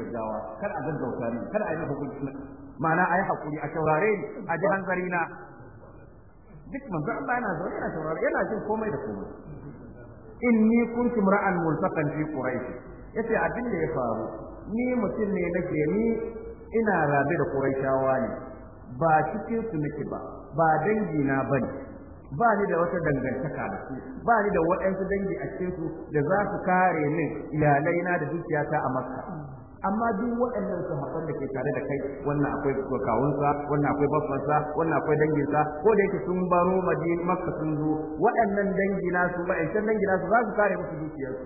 gaggawa kar a gaggauta ni kar a yi hukunci ma'ana a yi hakuri a taurare ni a ji hanzari na duk manzo Allah yana zaune yana taurare yana jin komai da komai inni kuntum ra'an multaqan fi quraish yace abin da ya faru ni mutum ne nake ni ina rabe da quraishawa ne ba cikin su nake ba ba dangi na bane ba ni da wata dangantaka da su ba ni da waɗansu dangi a cikin su da za su kare min iyalaina da dukiyata a makka amma duk waɗannan sahabban da ke tare da kai wannan akwai kawunsa wannan akwai babbansa wannan akwai danginsa ko da yake sun baro madina makka sun zo waɗannan dangi nasu ma'aikatan dangi nasu za su kare musu dukiyarsu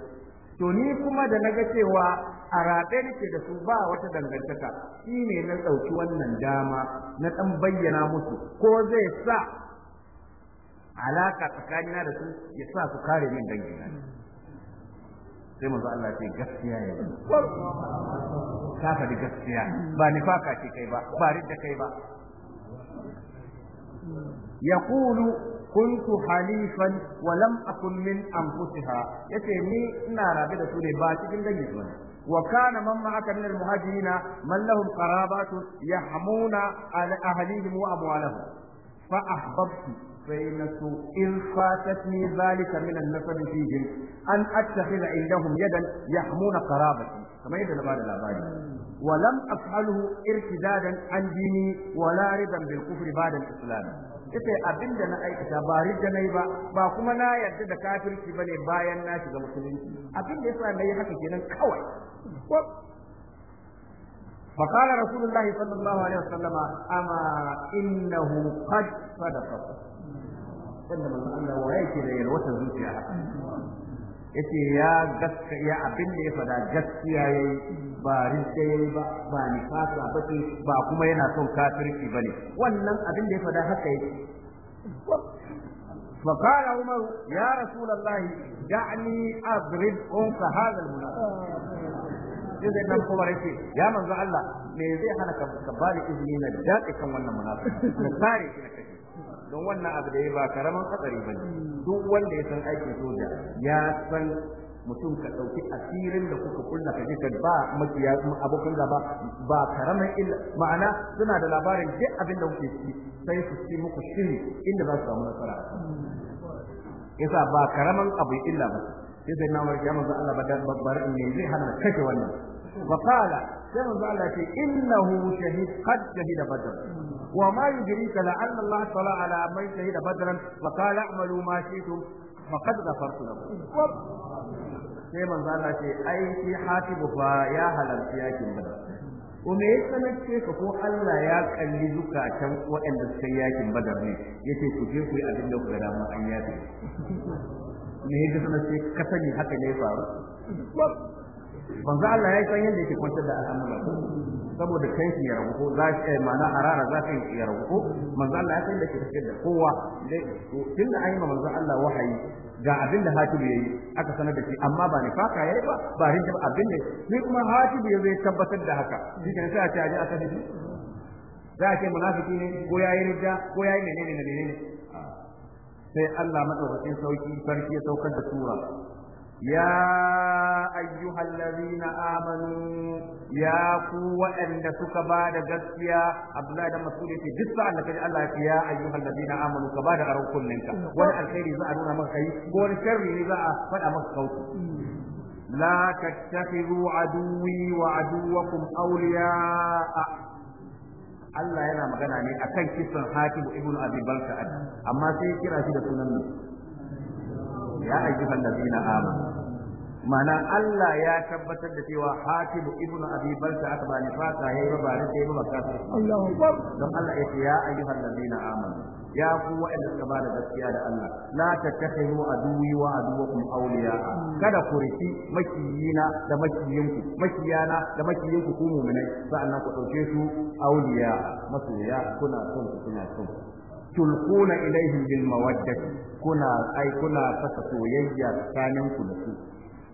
to ni kuma da na ga cewa a raɗe nake da su ba wata dangantaka shi ne na ɗauki wannan dama na ɗan bayyana musu ko zai sa alaka tsakanina da su ya sa su kare min dangina sai manzo Allah ce gaskiya ya yi ka faɗi gaskiya ba nifaka ce kai ba ba ridda kai ba yaqulu kuntu halifan wa lam akun min anfusiha yace ni ina rabe da su ne ba cikin dangin su وكان من معك من المهاجرين من لهم قرابات يحمون على أهليهم وأموالهم فأحببت فإنك إن فاتتني ذلك من النسب فيهم أن أتخذ عندهم يدا يحمون قرابتي كما يدل بعد الأباني ولم أفعله ارتدادا عن ديني ولا رضا بالكفر بعد الإسلام ita abin da na aikata ba rijda nayi ba ba kuma na yarda da kafirci bane bayan na shiga musulunci abin da yasa nayi haka kenan kawai فقال رسول الله صلى الله عليه وسلم أما إنه قد صدقكم wanda manzo Allah wa yake da yalwata zuciya yace ya gaskiya ya abin da ya fada gaskiya yayi ba rinke yayi ba ba ni nifasa ba ce ba kuma yana son kafirci bane wannan abin da ya fada haka yake فقال عمر يا رسول الله دعني اضرب انك هذا المنافق sai zai dan kuma race ya manzo Allah me zai hana ka bada izini na don wannan abu da ya ba karaman hatsari ba duk wanda ya san aikin soja ya san mutum ka ɗauki asirin da kuka kulla ka ji ba makiya abokan gaba ba karaman illa ma'ana suna da labarin duk abin da kuke ci sai su ci muku shiri inda za su samu nasara yasa ba karaman abu illa ba sai da nawar ya manzo Allah badar babbar ne zai hana kake wannan fa qala sai manzo Allah ce innahu shahid qad shahida badar وما يدريك لعل الله اطلع على من شهد بدرا فقال اعملوا ما شئتم فقد غفرت لكم sai manzo na ce ai shi hatibu fa ya halarci yakin badar kuma ya sanar ce ka ko Allah ya kalli zukatan waɗanda suka yi yakin badar ne yace ku je ku yi abin da ku ga dama an yafe me ya sanar ce ka sani haka ne ya faru manzo Allah ya san yadda yake kwantar da al'amuran saboda kai shi ya rabu ko za ka eh, yi ma'ana arara za ka shi ya rabu ko manzo Allah ya san da kike da kowa dai tun da ayyuka manzo Allah wahayi ga abin da hakim yayi aka sanar da shi amma ba nifaka yayi ba ba rinda abin ne sai kuma hakim ya zai tabbatar da haka shi ne sai a ce a ji aka ji za a ce munafiki ne ko yayi ridda ko yayi menene menene sai Allah madaukakin sauki farki ya saukar da sura يا أيها الذين آمنوا يا قوة أن تكبا دغسيا عبد الله بن مسعود في دسا أنك الله يا أيها الذين آمنوا كبا دغرو كلنك ولا الخير إذا أنونا مخي ولا الشر إذا فدا مخوت لا تتخذوا عدوي وعدوكم أولياء الله yana magana ne akan kisan Hatim ibn Abi Balka'ad amma sai kira shi da sunan ya ayyuhal ladina amanu mana Allah ya tabbatar da cewa Hatib ibn Abi Balta aka bani fata yayi ba bare sai ba ka Allahu akbar dan Allah ya ce ya ayyuhal ladina amanu ya ku wa'anda suka bada gaskiya da Allah la tattakhidu aduwi wa aduwakum awliya kada ku riki makiyina da makiyinku makiyana da makiyinku ku mu'minai sa'annan ku dauke su awliya masoya kuna son ku kuna son tulquna ilaihim bil mawaddati kuna ai kuna saka soyayya tsakanin ku da su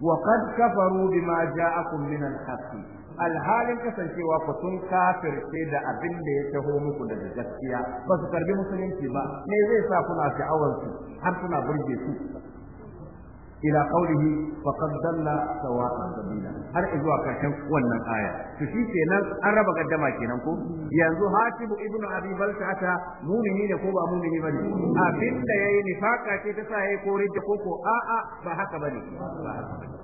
wa qad kafaru bima ja'akum min al haqqi alhalin kasancewa ku sun kafirce da abin da ya taho muku da daga gaskiya ba su karbi musulunci ba me zai sa kuna sha'awar su har kuna burge su ila qawlihi faqad dalla sawa'a sabila har zuwa karshen wannan aya to shi kenan an raba gaddama kenan ko yanzu hatibu ibnu abi baltata mumini ne ko ba mumini bane abin da yayi nifaka ce ta sa yayi ko rijja ko ko a'a ba haka bane ba haka bane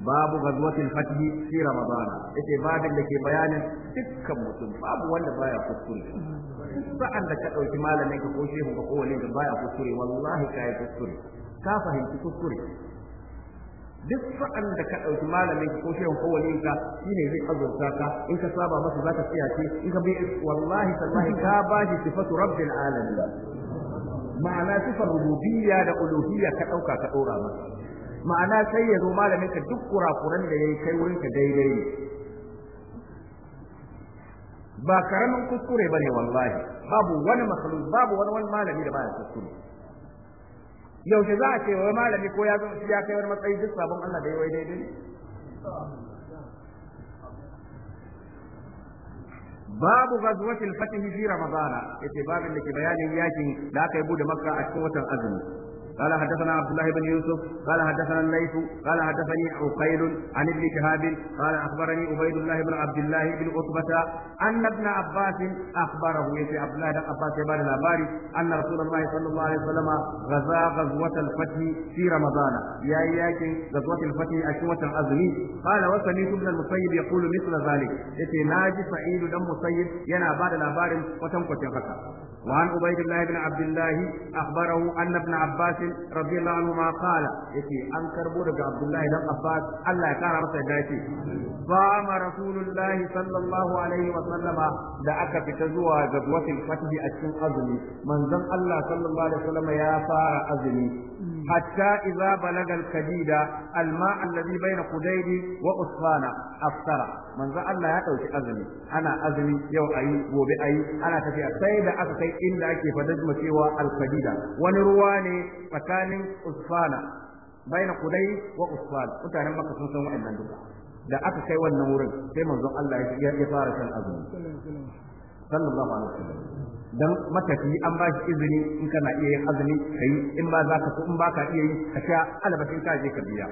babu ghazwatil fathi fi ramadan yace babin da ke bayanin dukkan mutum babu wanda baya kuskure sa'an da ka ɗauki malamin ka ko shehu ka ko wani da baya kuskure wallahi kai kuskure ka fahimci kuskure duk sa'an da ka ɗauki malamin ka ko shehu ko walin ka shine zai azurta ka in ka saba masa zaka tsaya ce in ka bi wallahi tallahi ka ba shi sifatu rabbil alamin ma'ana sifar rububiyya da uluhiyya ka ɗauka ka ɗora masa ma'ana sai ya zo malamin ka duk kurakuran da yayi kai wurin ka daidai ba karamin kuskure bane wallahi babu wani makhluk babu wani wani malami da ba ya kuskure yaushe za a ce wai malami ko ya zama ya kai wani matsayi duk sabon Allah da ya wai daidai babu ghazwatil fatihi fi ramadana yace babin da ke bayanin yakin da aka yi bude makka a cikin watan azumi قال حدثنا عبد الله بن يوسف قال حدثنا الليث قال حدثني عقيل عن ابن شهاب قال اخبرني عبيد الله بن عبد الله بن عتبة ان ابن عباس اخبره يجي عبد الله بن عباس يبان الاباري ان رسول الله صلى الله عليه وسلم غزا غزوة الفتح في رمضان يا ياكي غزوة الفتح اشوة الازمي قال وسمعت ابن المسيب يقول مثل ذلك يتي ناجي سعيد دم مسيب ينا بعد الاباري وتنكوتين haka وعن عبيد الله بن عبد الله اخبره ان ابن عباس رضي الله عنهما قال يتي أن كربو عبد الله بن عباس الله كان رسل دايتي صام رسول الله صلى الله عليه وسلم دعك في تزوى غزوة الفتح أشن أزمي من زم الله صلى الله عليه وسلم يا فار أزمي حتى إذا بلغ الكديد الماء الذي بين قديد وأسفانا أفطر من ذا الله يتوش أزمي أنا أزمي يو أي وبي أي أنا تفيا سيدة أكي إن أكي فدجم سوى الكديدة ونرواني مكان أسفانا بين قديد وأسفان متعنى مكة سنسان وإن duka da aka kai wannan wurin sai manzon Allah ya fara shan azumi sallallahu alaihi wasallam dan matafi an ba shi izini in kana iya yin azumi kai in ba za ka so in ba ka iya yi ka sha albatin ka je ka biya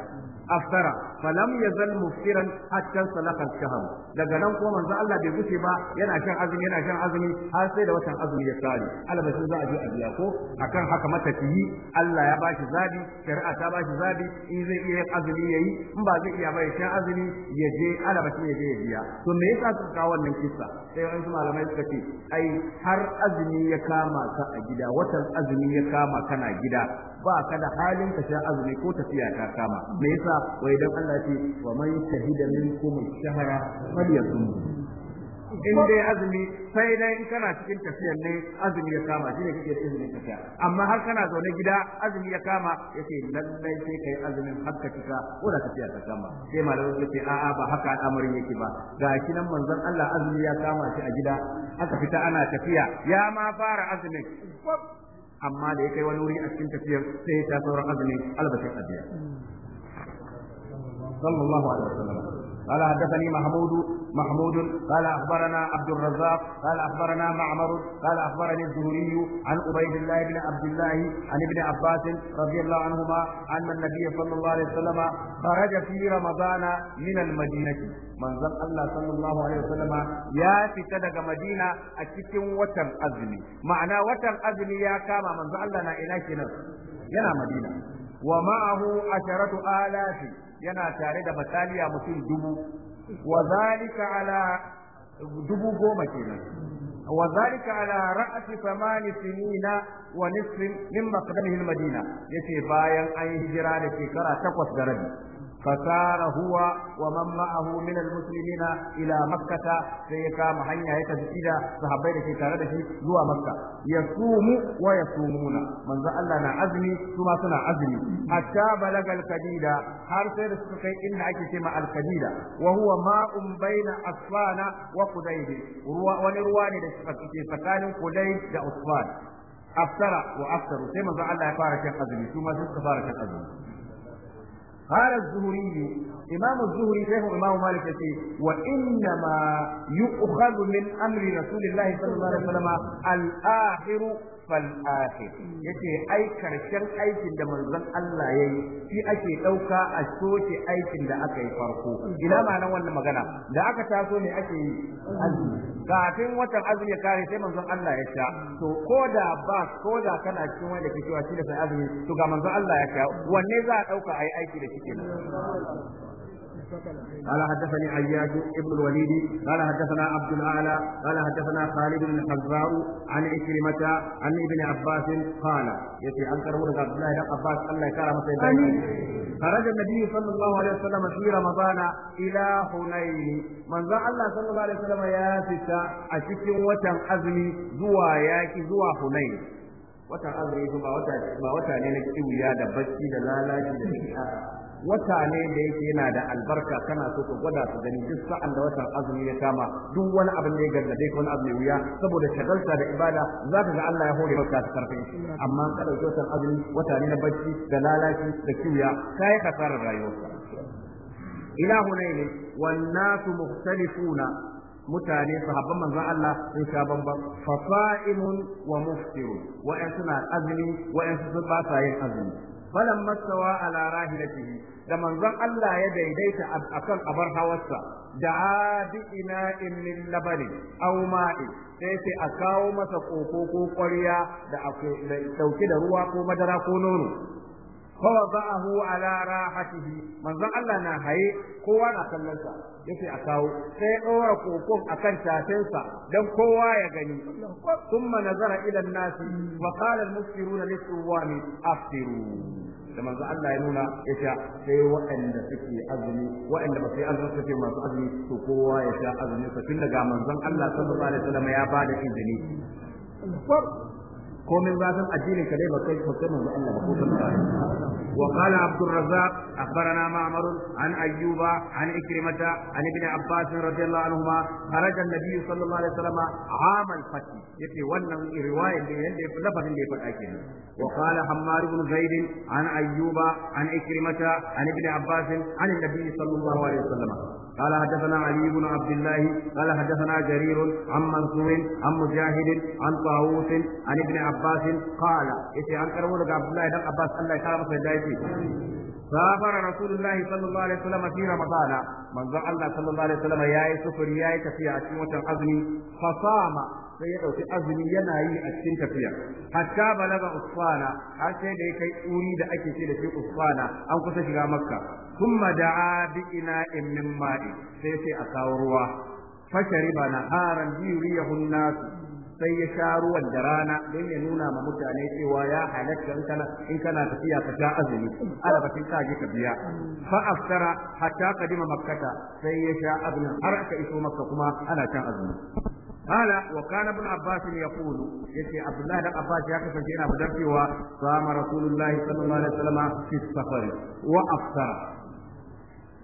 aftara falam yazal muftiran hatta salaka shahr daga nan kuma manzo Allah bai guce ba yana shan azumi yana shan azumi har sai da watan azumi ya tsare albatin za a je a biya ko akan haka matafi Allah ya ba shi zabi shari'a ta ba shi zabi in zai iya azumi yayi in ba zai iya ba ya azumi ya je albatin ya je ya biya to me yasa suka kawo wannan kissa sai wani malamai suka ce ai har azumi ya kama ka a gida watan azumi ya kama kana gida ba ka da halin ka sha azumi ko tafiya ka kama me yasa wai dan Allah ce wa man shahida minkum shahara falyasum in dai azumi sai dai in kana cikin tafiyar ne azumi ya kama shi ne kake da izinin tafiya amma har kana zaune gida azumi ya kama yake lallai sai kai azumin hakka cika ko da tafiya ta kama sai malamin ya ce a'a ba haka al'amarin yake ba ga shi nan manzon Allah azumi ya kama shi a gida aka fita ana tafiya ya ma fara azumin amma da ya kai wani wuri a cikin tafiyar sai ta sauran azumi albashin ajiya sallallahu alaihi wasallam قال حدثني محمود محمود قال اخبرنا عبد الرزاق قال اخبرنا معمر قال اخبرني الزهري عن عبيد الله بن عبد الله عن ابن عباس رضي الله عنهما ان النبي صلى الله عليه وسلم خرج في رمضان من المدينه من زم الله صلى الله عليه وسلم يا فتدق مدينه اكتم وتر ازمي معنى وتر ازمي يا كما من زم الله نا الى yana madina wa ma'ahu asharatu alafi yana tare da bataliya mutum dubu wa zalika ala dubu goma kenan wa zalika ala ra'ati samani sinina wa nisfin min maqdamihi al-madina yace bayan an hijira da shekara takwas da rabi huwa wa فسار هو ومن ila من المسلمين ya kama سيكام هنيا هيك بكده صحابي da ke tare da shi zuwa makka yasumu wa yasumuna manzo Allah na azumi kuma suna azumi hatta balaga al-kadida har sai da suka kai inda ake ce ma al-kadida wa huwa ma'un baina asfana wa qudayd ruwa wani ruwa ne da ke tsakanin qudayd da asfan aftara wa aftaru sai manzo Allah ya fara shan azumi kuma sai suka fara shan azumi قال الزهري إمام الزهري شيخ إمام مالك يقول وإنما يؤخذ من أمر رسول الله صلى الله عليه وسلم الآخر fal'akhir yace ai aikin da manzon Allah yayi shi ake ɗauka a soke aikin da aka yi farko ina ma'anar wannan magana da aka taso ne ake yi kafin watan azumi ya kare sai manzon Allah ya sha to koda ba koda kana cikin wanda kake cewa shi da sai azumi to ga manzon Allah ya sha wanne za a ɗauka a yi aiki da shi kenan قال حدثني عياد ابن الوليد قال حدثنا عبد الاعلى قال حدثنا خالد بن الحذاء عن عكرمة عن ابن عباس قال يتي عن كرمه عبد الله بن عباس الله يكرمه خرج النبي صلى الله عليه وسلم في رمضان الى حنين من ذا الله صلى الله عليه وسلم يا ستا اشكي وتن ازمي زوا ياكي زوا حنين وتن ازمي ba وتن ما وتن ne na دبكي da bacci wata ne da yake yana da albarka kana so ka gwada su gani duk sa'an da watan azumi ya kama duk wani abin da ya gargade ka wani abu mai wuya saboda shagalta da ibada za ka ga Allah ya hore maka ta karfin shi amma ka dauki watan azumi wata ne na bacci da lalaci da kiwuya kai yi tsara rayuwarka ila hunaini wan nasu mukhtalifuna mutane sahabban manzon Allah sun sha bamban fasaimun wa muftirun wa'an suna azumi wa'an su ba sa yin azumi falamma masawa ala rahilatihi da manzon Allah ya daidaita akan abar hawarsa da bi ina'in min labani aw ma'i sai sai a kawo masa koko ko ƙwarya da dauke da ruwa ko madara ko nono za a فوضعه على راحته من Allah na haye kowa na kallon sa yace a kawo sai ɗora kokon kan tafinsa dan kowa ya gani thumma nazara ila an-nasi wa qala al-mufsiruna lis-suwami afsiru da manzo Allah ya nuna ya sha sai waɗanda suke azumi waɗanda ba su azumi masu azumi to kowa ya sha azumi sa tun daga manzon Allah sallallahu alaihi wasallam ya bada izini Komin zafin addinin ka dai bakai bakai manzo Allah ba ko san wa qala abdur razzaq akhbarana ma'mar an ayyuba an ikrimata an ibn abbas radiyallahu anhuma kharaja an-nabi sallallahu alaihi wasallam am al-fath yace wannan riwayar da yanda ya lafazin da ya faɗa kenan wa qala hammar ibn zaid an ayyuba an ikrimata an ibn abbas an an-nabi sallallahu alaihi wasallam قال حدثنا علي بن عبد الله قال حدثنا جرير عن منصور عن مجاهد عن طاووس عن ابن عباس قال إتي عن كرمولك عبد الله بن عباس الله يكرمه في سافر رسول الله صلى الله عليه وسلم في رمضان من الله صلى الله عليه وسلم ياي سفر ياي تفيا في وتر أزمي فصام sai ya ɗauki azumi yana yi a cikin tafiya hatta balaga usfana har sai da ya kai uri da ake ce da shi usfana an kusa shiga makka ثم دعا بإناء من ماء سيتي أكاوروا فشرب نهارا يريه الناس sai ya sha ruwan da rana don ya nuna ma mutane cewa ya halatta in kana tafiya ka sha azumi arabatin ka ji ka biya fa aftara hatta qadima makkata sai ya sha azumi har aka iso makka kuma ana shan azumi hala wa kana ibn abbas yaqulu yace abdullahi da abbas ya kasance yana fadar cewa sama rasulullahi sallallahu alaihi wasallam fi safari wa aftara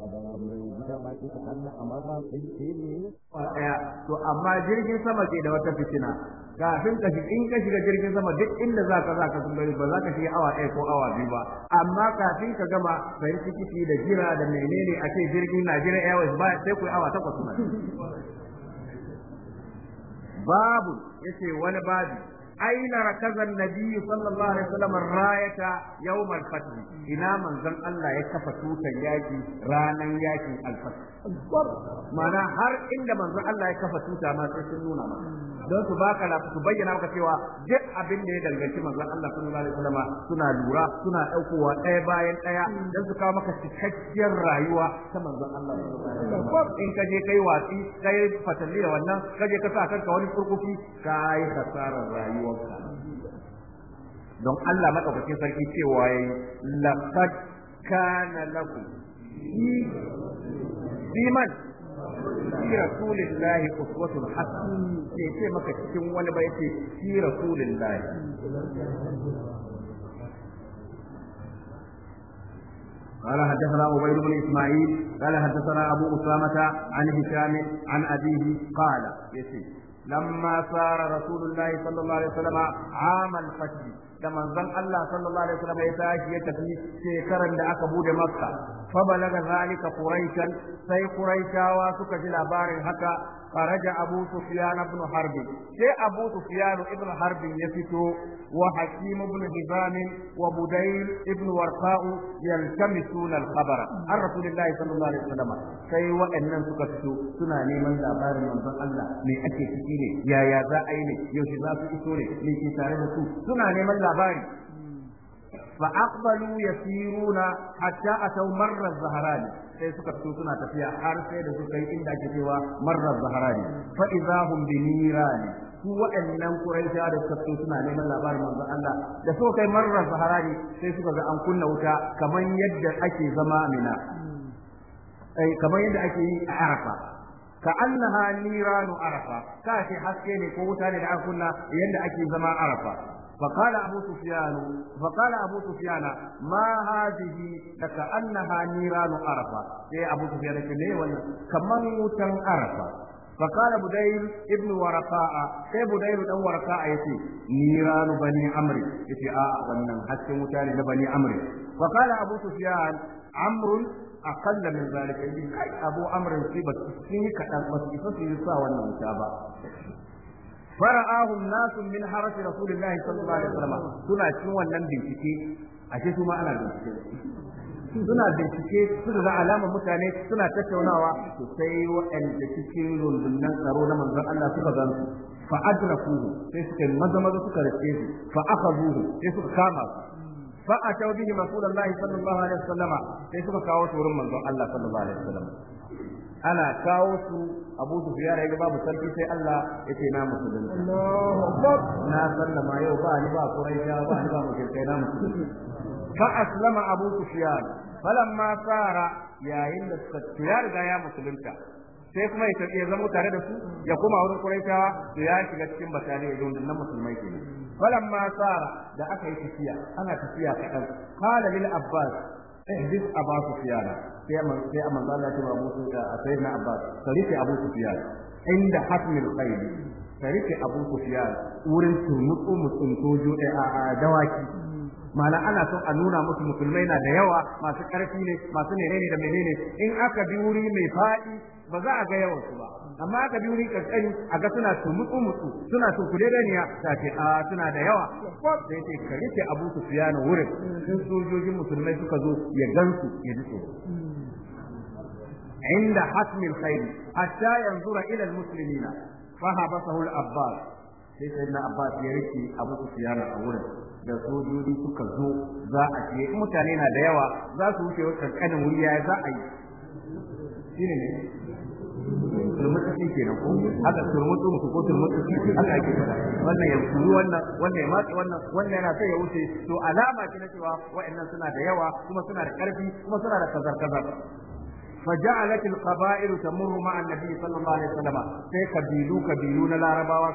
to amma jirgin sama ke da wata fitina kafin ka in ka shiga jirgin sama duk inda za ka za ka ba za ka shiga awa ɗaya ko awa biyu ba amma kafin ka gama yi tikiti da jira da menene a ce jirgin Najeriya Airways ba sai ku awa takwas babu ya ce wani babu aina rakaza annabi sallallahu alaihi wasallam rayata yawm al-fath ina manzon Allah ya kafa tutan yaki ranan yakin al mana har inda manzo Allah ya kafa tuta ma sai sun nuna ma don su baka la su bayyana maka cewa duk abin da ya danganci manzo Allah sallallahu alaihi wasallama suna lura suna daukowa ɗaya bayan ɗaya don su kawo maka cikakkiyar rayuwa ta manzo Allah in ka je kai watsi kai fatalli da wannan ka je ka sa kanka wani kurkuki kai hasarar rayuwarka don Allah madaukakin sarki cewa yayi laqad kana lahu fi shi fi rasulillahi uswatun hasani ke ce maka cikin wani ba yace shi rasulillahi قال حدثنا عبيد بن اسماعيل قال حدثنا ابو اسامه عن هشام عن ابيه قال يسير لما صار رسول الله صلى الله عليه وسلم عام الفتح da manzon Allah sallallahu alaihi wasallam ya tashi ya tafi shekaran da aka bude Makka fa balaga zalika quraishan sai quraishawa suka ji labarin haka خرج أبو سفيان بن حرب شيء أبو سفيان بن حرب يفتو وحكيم بن هبام وبديل بن ورقاء يلتمسون الخبر عن رسول الله صلى الله عليه وسلم sai waɗannan suka fito suna neman labarin manzon Allah me ake ciki ne yaya za a yi ne yaushe za su iso ne me ke tare da su suna neman labari فأقبلوا يسيرون حتى أتوا مر الزهراني sai suka fito suna tafiya har sai da suka yi inda ake cewa marar zaharani fa idza hum bi nirani su waɗannan quraisha da suka fito suna neman labarin manzon Allah da suka kai marar zaharani sai suka ga an kunna wuta kamar yadda ake zama mina ai kamar yadda ake yi a Arafa ka annaha niranu Arafa ka ce haske ne ko wuta ne da an kunna yadda ake zama Arafa فقال أبو سفيان فقال أبو سفيان ما هذه لكأنها نيران عرفة إيه أبو سفيان كني ولا كمن وتن عرفة فقال بديل ابن ورقاء سي بديل ابن ورقاء يتي نيران بني عمرو يتي آه ونن حتى متاني لبني عمرو فقال أبو سفيان عمرو أقل من ذلك yi kai abu amrin sai ba sun yi kaɗan ba fara'ahum nasun min harafi rasulillahi sallallahu alaihi wasallam suna cikin wannan bincike ashe su ma ana bincike suna bincike suka ga alamar mutane suna tattaunawa to sai waɗanda cikin rundunan tsaro na manzon Allah suka gan su fa adrakuhu sai suka maza maza suka rike su fa akhazuhu sai suka kama su fa atau bihi rasulullahi sallallahu alaihi wasallam sai suka kawo su wurin Allah ana kawo su abu su fiya ga babu sarki sai Allah ya ce na musulunci na sallama yau ba ni ba kuraisha ba ni ba kai na musulunci fa aslama abu sufyan falamma tsara yayin da suka ya riga ya musulunta sai kuma ya tafi zama tare da su ya kuma wurin kuraitawa su ya shiga cikin basali ya gundun nan musulmai ke balan falamma tsara da aka yi tafiya ana tafiya kaɗan Kala lil abbas bis Abu Sufyan sai man sai manzo Allah ya ce Abu Sufyan sai na Abbas sarike Abu Sufyan inda hasmil khayl sarike Abu Sufyan wurin turmutsu mutsun tojo da dawaki Mana ana son a nuna musu musulmai na da yawa masu karfi ne masu ne da menene in aka bi wuri mai faɗi ba za a ga yawan su ba amma aka bi wuri kankani a ga suna mutu-mutu, suna da niya ta ce a suna da yawa sai ce ka rike Abu Sufyan wurin sun sojojin musulmai suka zo ya gansu ya ji tsoro عند حسم الخير حتى ينظر إلى المسلمين فهبطه الأباس sai sai na abbas ya rike abu sufyan a wurin da sojoji suka zo za a ce mutane na da yawa za su wuce wata kanin wuri ya za a yi shine ne turmutsi kenan ko haka turmutsu mutu ko turmutsi haka ake fada wannan ya kuru wannan wannan ya matse wannan wannan yana sai ya wuce to alama ce na cewa wa'annan suna da yawa kuma suna da karfi kuma suna da kazar kazar فجعلت القبائل تمر مع النبي صلى الله عليه وسلم سي قبيلو قبيلو لا رباوا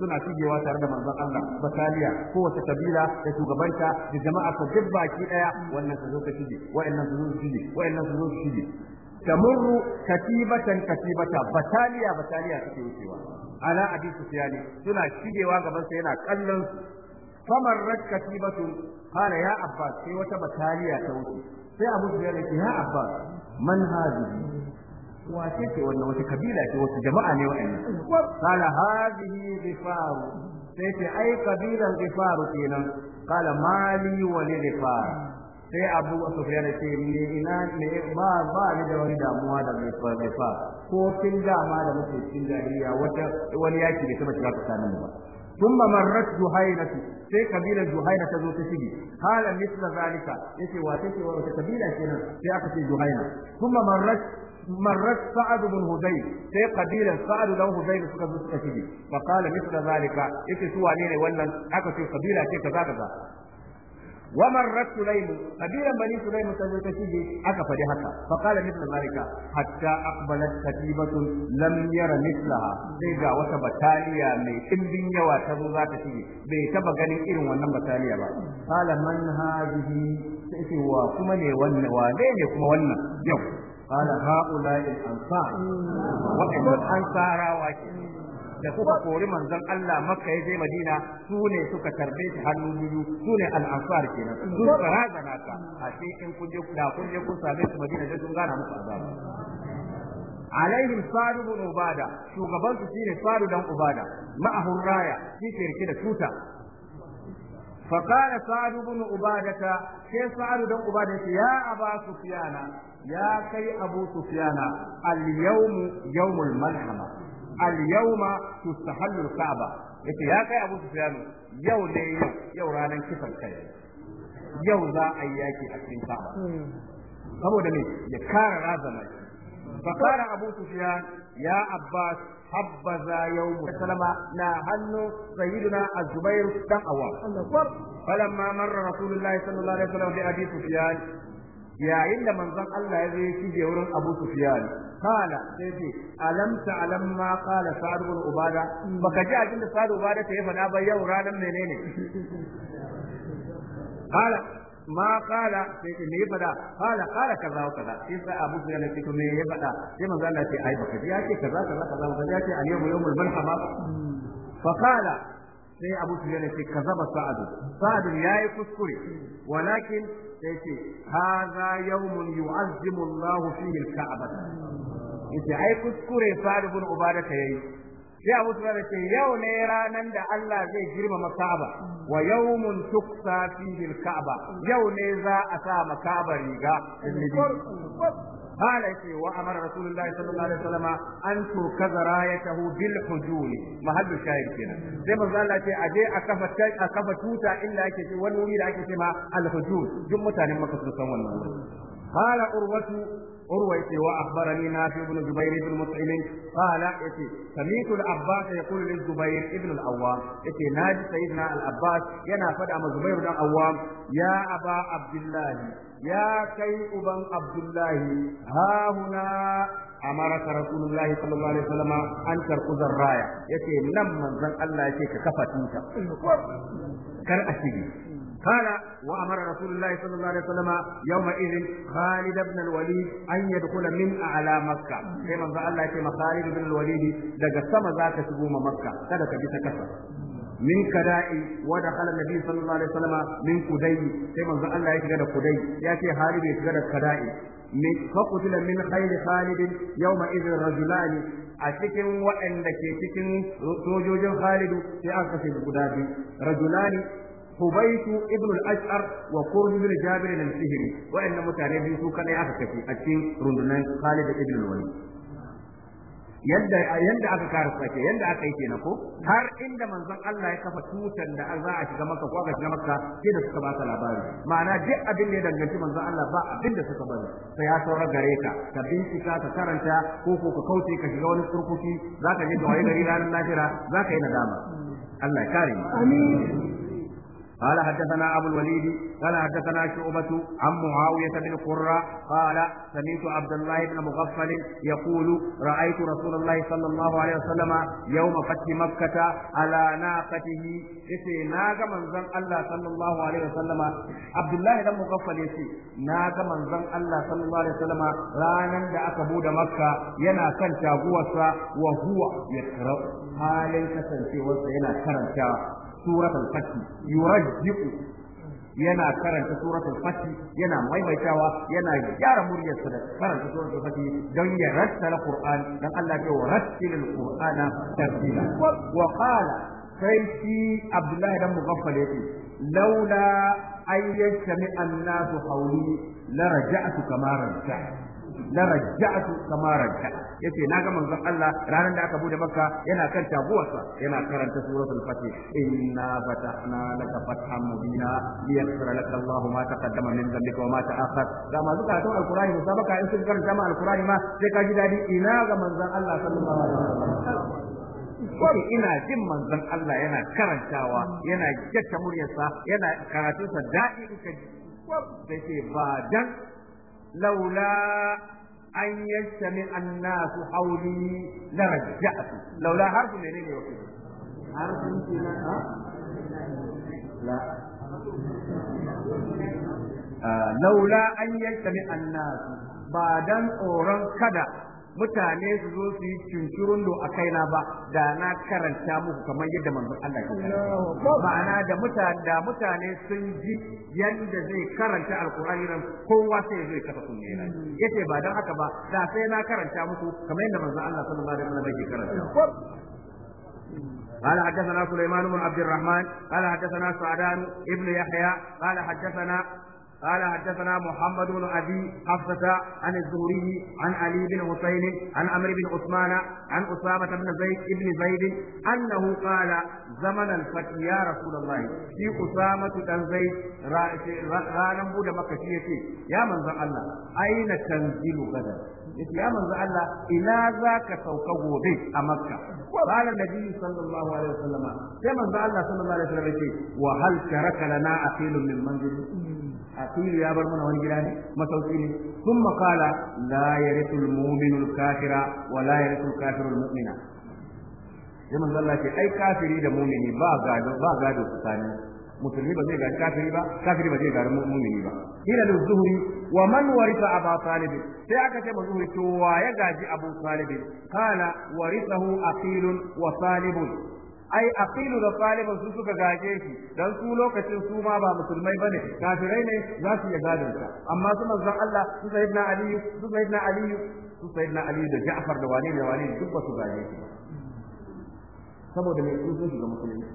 سنا تيجيوا تare da manzon Allah bataliya kowace wata kabila da shugabanta da jama'a ta duk baki daya wannan su zo ka shige wa'annan su zo shige wa'annan su katibatan bataliya bataliya suke wucewa ala abi sufyani suna shigewa gaban sa yana kallon su famarrat katibatun qala ya abbas sai wata bataliya ta wuce sai abu sufyani man هذه واتيت ce وتكبيلة wata kabila ce wata jama'a ne wa'annan qala hadhihi ghifar sai ce ai kabilan ghifar kenan qala mali wa li sai ce ni ina ne ba ba ni da wani damuwa da ghifar ko da muke cikin jahiliya wata wani yaki da ba thumma marrat juhailatu sai kabilar juhaina ta zo ta shige qala misla zalika yace wa take wa wata kabila kenan sai aka ce juhaina thumma marrat marrat sa'ad bin hudayl sai kabilar sa'ad dan hudayl suka zo suka shige fa qala zalika su wane ne wannan aka ce kabila ce ka kaza wa marrat sulaym kabilan bani sulaym ta zo ta shige aka faɗi haka fa qala mithla zalika hatta aqbalat katibatun lam yara mithlaha sai ga wata bataliya mai dimbin yawa ta zo za ta shige bai taba ganin irin wannan bataliya ba qala man hadhihi sai wa kuma ne wannan wane kuma wannan yau قال هؤلاء الأنصار وإن الأنصار وكذا da suka kori manzon Allah Makka ya je Madina su ne suka tarbe shi hannu biyu su ne al ke kenan su suka razana ka a sai in kun je da kun je kun same su Madina sai sun gana muku azaba alaihim sadu ubada shugaban su shine sadu dan ubada ma'ahu raya shi ke rike da tuta Ubada ta, sai عبادة dan Ubada ya عبادة su أبا ya kai abu أبو al اليوم yawmul malhama al-yawma tustahallu al-ka'ba yace ya kai Abu Sufyan yau ne yau yau ranan kisan kai yau za a yi yaki a cikin Ka'aba hmm. saboda ne ya kara razana fa kara Abu Sufyan ya Abbas habbaza yawmu salama na hannu sayyidina az-Zubair dan Awwam falamma marra Rasulullahi sallallahu alaihi wasallam bi Abi Sufyan yayin da manzon Allah ya zai shige wurin Abu Sufyan kana sai ce alam ta'lam ma qala Sa'd ibn Ubada baka ji abin da Sa'd Ubada ta yi da ba yau ranar menene kala ma kala sai ce me ya faɗa kala kala kaza kaza sai sai Abu Sufyan ya ce to me ya faɗa sai manzon Allah ce ai baka ji ya ce kaza kaza kaza kaza ya ce al-yawmu yawmul malhama fa kala sai Abu Sufyan ya ce kaza ba Sa'd Sa'd yayi kuskure walakin sai ce hadha yawmun yu'azzimu Allahu fihi al-ka'bah yace ai kuskure Sa'd uba Ubada ta yayi sai Abu Sufyan ce yau ne ranan da Allah zai girmama Ka'aba wa yawmun tuksa fihi al-ka'bah yau ne za a sa makaba riga قال يتي وامر رسول الله صلى الله عليه وسلم ان تركز رايته بالحجول محل الشاهد كده زي ما قال يتي اجي اكفا اكفا توتا الا yake ce wani wuri da ake ce ma al-hujul duk mutanen maka sun san wannan قال عروة عروة وأخبرني نافع بن جبير بن مطعم قال يتي سمعت العباس يقول للزبير ابن الأوام يتي ناجي سيدنا العباس ينا فدع زبير بن الأوام يا أبا عبد الله ya kai uban abdullahi ha huna amaraka rasulullah sallallahu alaihi wasallam an tarkuzar raya yace nan manzon Allah yake ka kafa tuta kar a shige قال وأمر رسول الله صلى الله عليه وسلم يومئذ خالد بن الوليد أن يدخل من أعلى مكة كما قال الله كما خالد بن الوليد دقى السما ذاك سبوم مكة هذا كبير كسر min kada'i wa da khala nabi sallallahu alaihi wasallam min kudai sai manzo Allah ya shiga da kudai ya ce hali bai shiga da kada'i min faqutila min khayr khalid yawma idhin rajulan a cikin waɗanda ke cikin sojojin khalidu sai aka kashe guda biyu rajulani Hubaitu ibn al-Ash'ar wa Qurb ibn Jabir al-Sihri wa'annan mutane biyu su kadai aka kashe a cikin rundunar Khalid ibn al-Walid yadda yanda aka kare sake yanda aka yi na ko har inda manzon Allah ya kafa tutan da za a shiga maka ko aka shiga maka sai da suka baka labari ma'ana duk abin da danganci manzon Allah ba abin da suka bari sai ya saura gare ka ka bincika ka karanta ko ko ka kauce ka shiga wani za ka je da wani gari ranar lahira zaka yi nadama Allah ya kare mu amin قال حدثنا أبو الوليد قال حدثنا شعبة عن معاوية بن قرة قال سمعت عبد الله بن مغفل يقول رأيت رسول الله صلى الله عليه وسلم يوم فتح مكة على ناقته إسي ناقة من زن الله صلى الله عليه وسلم عبد الله بن مغفل يسي ناقة من زن الله صلى الله عليه وسلم رانا دا أكبود مكة ينا كان شاقوة وهو يقرأ halin kasancewarsa yana شاقوة suratul fath yurajji'u yana karanta suratul fath yana maimaitawa yana gyara muryarsa da karanta suratul fath don ya rattala qur'an dan Allah ya rattilil qur'ana tartila wa qala sai shi Abdullahi dan Mughaffal yake laula an yajtami an-nasu hawli la raja'tu kama raja'tu la raja'tu kama yace na ga manzon Allah ranar da aka bude makka yana kan taguwarsa yana karanta suratul fatih inna fatahna laka fathan mubina liyaghfira laka Allahu ma taqaddama min dhanbika wa ma ta'akhkhar da ma zuka to alqur'ani musabaka in sun karanta ma alqur'ani ma sai ka ji dadi ina ga manzon Allah sallallahu alaihi wasallam ina jin manzon Allah yana karantawa yana jacce muryarsa yana karatunsa daɗi in ka ji sai ce ba dan laula an yajtami annasu hawli la raja'tu laula harfu ne ne ne yau harfu ne kenan la laula an yajtami annasu ba dan tsoron kada mutane su zo su yi do a kaina ba da na karanta muku kamar yadda manzon Allah ya karanta ma'ana da mutane da mutane sun ji yadda zai karanta alkur'ani nan kowa sai zai kafa kunne na hmm. yace ba dan haka ba da sai na karanta muku kamar yadda manzon Allah sallallahu alaihi wasallam yake karanta قال حدثنا سليمان بن عبد الرحمن قال حدثنا سعدان ابن يحيى قال حدثنا قال حدثنا محمد بن ابي حفصه عن الزهري عن علي بن حسين عن عمرو بن عثمان عن اسامه بن زيد بن زيد انه قال زمن الفتح يا رسول الله في اسامه بن زيد ranan bude maka shi yace ya manzon Allah Allah ina zaka sauka gobe a makka qala nabi sallallahu alaihi wasallama sai manzon Allah sallallahu alaihi wasallam yace wa hal taraka akilu ya bar mana wani gida ne masauki ne sun makala la yarithul mu'minul kafira wa la yarithul kafirul mu'mina sai manzo Allah ce ai kafiri da mu'mini ba gado ba gado tsakanin musulmi ba zai gari kafiri ba kafiri ba zai gari mu'mini ba ila zuhri wa man warisa aba talib sai aka ce mazuhri to wa ya gaji abu talib kana warisahu aqilun wa salibun ai aqilu da taliban su suka gaje shi dan su lokacin su ma ba musulmai bane kafirai ne za su iya gadon sa amma su manzon Allah su sayyidina Ali su sayyidina Ali su sayyidina Ali da Ja'far da wani da wani duk ba su gaje shi saboda mai su su ga musulunci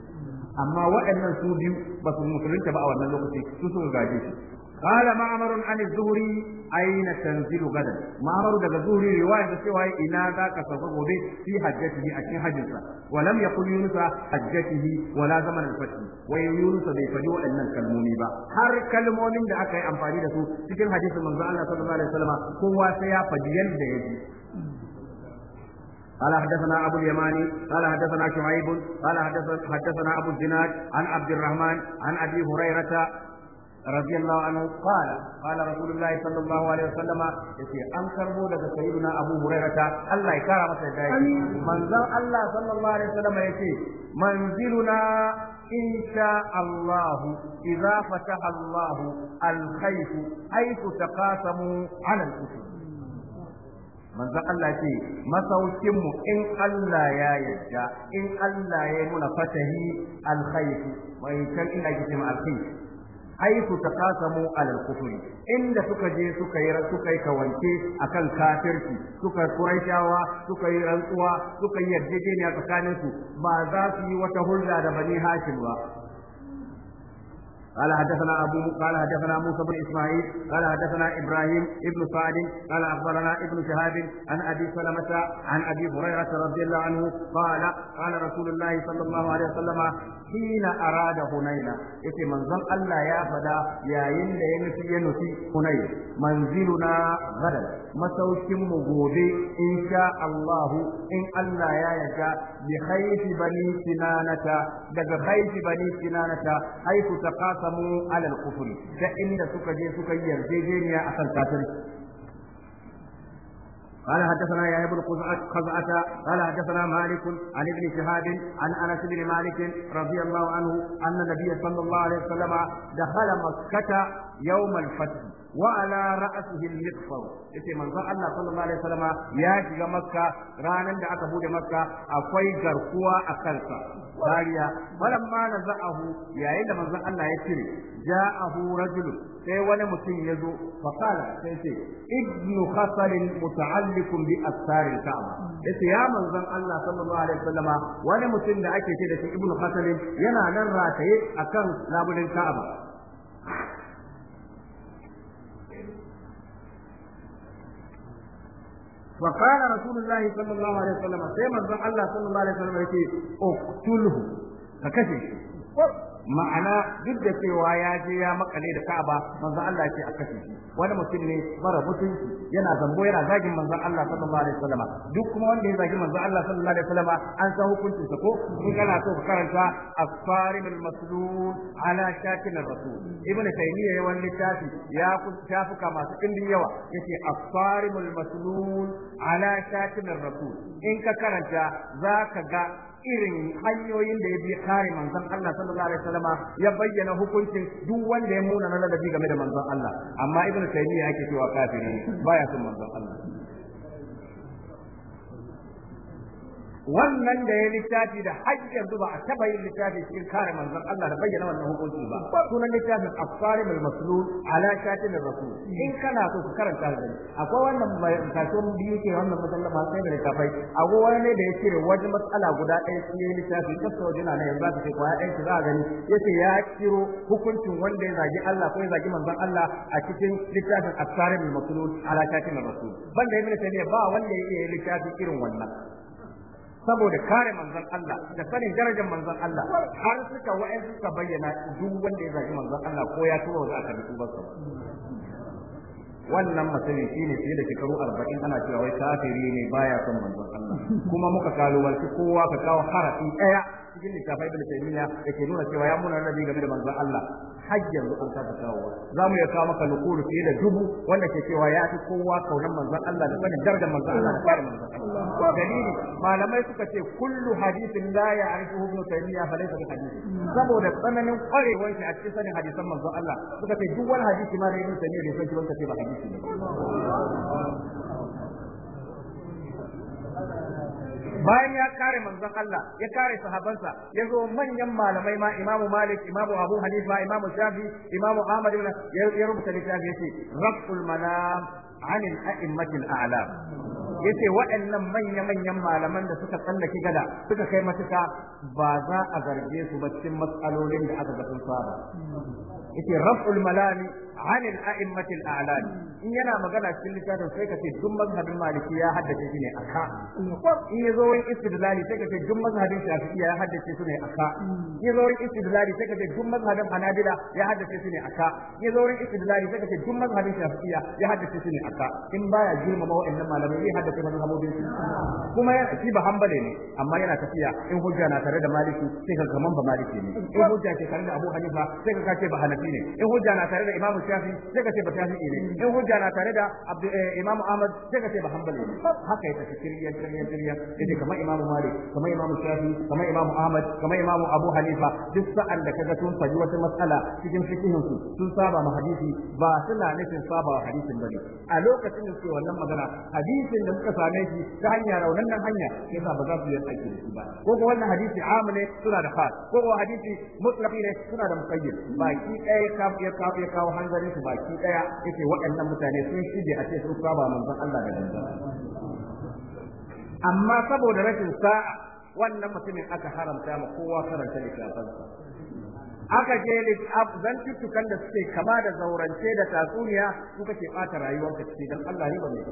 amma waɗannan su biyu ba su musulunta ba a wannan lokaci su suka gaje shi قال معمر عن zuhri aina tanzilu gadan marar daga zuhri riwaya da cewa ina za ka sauka gobe fi hajjatihi a cikin hajjinsa wa lam yaqul yunus hajjatihi wa la zaman al-fath wa yunus bai faɗi waɗannan kalmomi ba har kalmomin da aka yi amfani da su cikin hadisin manzo Allah sallallahu alaihi wasallam kowa sai ya faɗi yadda ya ji قال حدثنا أبو اليماني قال حدثنا شعيب قال حدثنا أبو الزناد عن عبد الرحمن عن أبي هريرة رضي الله عنه قال قال رسول الله صلى الله عليه وسلم يتي أنكر بودة سيدنا أبو هريرة الله يكرم سيدنا منزل الله صلى الله عليه وسلم يتي منزلنا إن شاء الله إذا فتح الله الخيف حيث تقاسموا على الكتب manzon Allah ce masaukinmu in Allah ya yarda in Allah ya yi muna fatahi alkhairu mai kan ina kike ma alkhairu haifu ta kasamu mu kufuri inda suka je suka yi suka yi kawance akan kafirci suka kurashawa, suka yi rantsuwa suka yi yarjejeniya tsakaninsu ba za su yi wata hulɗa da bani hashim ba قال حدثنا أبو قال حدثنا موسى بن إسماعيل قال حدثنا إبراهيم ابن سعد قال أخبرنا ابن شهاب عن أبي سلمة عن أبي هريرة رضي الله عنه قال قال رسول الله صلى الله عليه وسلم حين أراد هنينة يتي منزل الله يا فدا يا يند ينسي ينسي هنين منزلنا غدا مسوشم غودي إن شاء الله إن الله يا يشاء bi khayfi bani sinanata daga khayfi bani sinanata haifu taqasamu ala al-kufri inda suka je suka yi yarjejeniya akan kafirci قال حدثنا يا ابن خزعة قال حدثنا مالك عن ابن شهاب عن انس بن مالك رضي الله عنه ان النبي صلى الله عليه وسلم دخل مكة يوم الفتح wa ala ra'sihi al-miqfar yace manzon Allah sallallahu alaihi wasallama ya shiga makka ranan da aka bude makka akwai garkuwa a kansa bariya malam ma naza'ahu yayin da manzon Allah ya cire ja'ahu rajulun sai wani mutum ya zo fa qala sai ce ibn khasal muta'alliq bi asar al-ka'ba yace ya manzon Allah sallallahu alaihi wasallama wani mutum da ake ce da shi ibnu khasal yana nan rataye akan labudin ka'ba فقال رسول الله صلى الله عليه وسلم سيما الله صلى الله عليه وسلم اقتله فكشف ma'ana duk da cewa ya je ya makale da Ka'aba manzon Allah ce a kashe shi wani mutum ne mara mutunci yana zambo yana zagin manzon Allah sallallahu alaihi wasallam duk kuma wanda ya zagi manzon Allah sallallahu alaihi wasallam an san hukuncin sa ko in kana so ka karanta asfarim al-maslul ala shakin ar-rasul ibn taymiyyah ya wani tafi ya tafuka masu dindin yawa yace asfarim al-maslul ala shakin ar-rasul in ka karanta za ka ga irin hanyoyin da ya bi kare manzon Allah sallallahu alaihi wasallam ya bayyana hukuncin duk wanda ya muna na ladabi game da manzon Allah amma ibnu taymiya yake cewa kafiri baya son manzon Allah wannan da ya littafi da hajjar zuba a taba yin littafi cikin kare manzon Allah da bayyana wannan hukunci ba sunan littafin afsari mai maslul ala shatin rasul in kana so ka karanta da akwai wannan kasuwar biyu ke wannan masallan ba sai da littafai akwai wani ne da ya cire wani matsala guda ɗaya shi ne littafi ta so dina na yanzu ka ce kwaya ɗaya ki za a gani yace ya ciro hukuncin wanda ya zagi Allah ko ya zagi manzon Allah a cikin littafin afsari mai maslul ala shatin rasul banda ibn taymiya ba wanda ya iya littafi irin wannan saboda kare manzon Allah da sanin darajar manzon Allah har suka wa'in suka bayyana duk wanda ya zagi manzon Allah ko ya tura wani aka duba sa wannan mutumin ne fiye da shekaru arba'in ana cewa wai kafiri ne baya son manzon Allah kuma muka kalubalci kowa ka kawo harafi ɗaya. cikin littafai ibn taymiya da ke nuna cewa ya muna nabi game da manzon Allah har yanzu an kawo za mu iya kawo maka nukuru fiye da dubu wanda ke cewa ya fi kowa kaunar manzon Allah da sanin darajar manzon Allah da fara manzon Allah dalili malamai suka ce kullu hadisin la ya'rifu ibn taymiya fa laysa hadisi saboda tsananin kwarewar shi a cikin sanin hadisan manzon Allah suka ce duk wani hadisi ma da ibn taymiya da san shi wanda ba hadisi ne bayan ya kare manzon Allah ya kare sahabansa ya zo manyan malamai ma imamu malik imamu abu hanifa imamu shafi imamu ahmad ya rubuta littafi yace raful manam anil a'immatil a'lam yace waɗannan manya-manyan malaman da suka tsallake gada suka kai matuka ba za a zarge su ba cikin matsalolin da aka ga sun saba yace raf'ul malami anil a'immatil a'lan in yana magana cikin littafin sai ka ce duk mazhabin maliki ya haddace shi ne aka in yazo wani istidlali sai ka ce duk mazhabin shafi'i ya haddace su ne aka in yazo wani sai ka ce duk mazhabin hanabila ya haddace su ne aka in yazo wani sai ka ce duk mazhabin shafi'i ya haddace su ne aka in baya girmama wa'annan malamai zai haddace mazhabobin su kuma shi ba hanbale ne amma yana tafiya in hujja na tare da maliki sai ka ba maliki ne in hujja ke da abu hanifa sai ka ba ne in hujja tafi sai ka ce ba tafi ne in hujja na tare da eh, imamu ahmad sai ka ce ba hanbali haka ya tafi kiryan kiryan kiryan yace kamar imamu malik kamar imamu shafi kamar imamu ahmad kamar imamu abu hanifa duk sa'an da kaga sun faɗi wata matsala cikin fikihin su sun saba ma hadisi ba suna nufin saba wa hadisin bane a lokacin da suke wannan magana hadisin da suka same shi ta hanya nan hanya yasa ba za su yi aiki da shi ba ko ko wannan hadisi amane suna da khas ko ko hadisi mutlaqi ne suna da muqayyid baki ka ya kawo hanzari asalin su baki daya yace waɗannan mutane sun shige a ce sun saba manzon Allah da dangan amma saboda rashin sa'a wannan mutumin aka haramta ma kowa karanta littafansa aka je zantuttukan da suke kama da zaurance da tatsuniya su kake bata ka ciki dan Allah ne mai